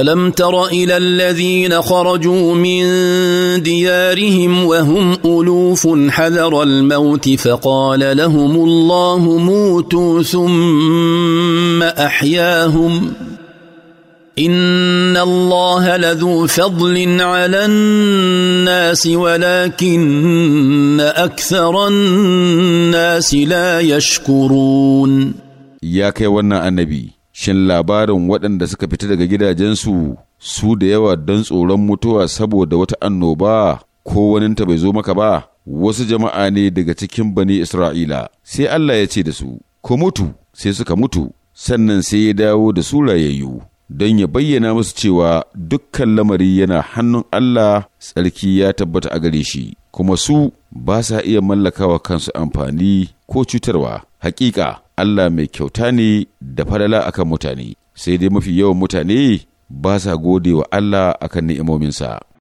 الم تر الى الذين خرجوا من ديارهم وهم الوف حذر الموت فقال لهم الله موتوا ثم احياهم ان الله لذو فضل على الناس ولكن اكثر الناس لا يشكرون يا كي النبي shin labarin waɗanda suka fita daga gidajensu su da yawa don tsoron mutuwa saboda wata annoba ko waninta bai zo maka ba wasu jama'a ne daga cikin bani isra'ila sai allah ya ce da su ku mutu sai suka mutu sannan sai ya dawo da su rayayyu don ya bayyana musu cewa dukkan lamari yana hannun allah tsarki ya tabbata a gare shi kuma su ba sa iya mallakawa kansu amfani ko cutarwa hakika Allah mai kyauta ne da falala akan mutane, sai dai mafi yawan mutane ba sa gode wa Allah akan ni'imominsa.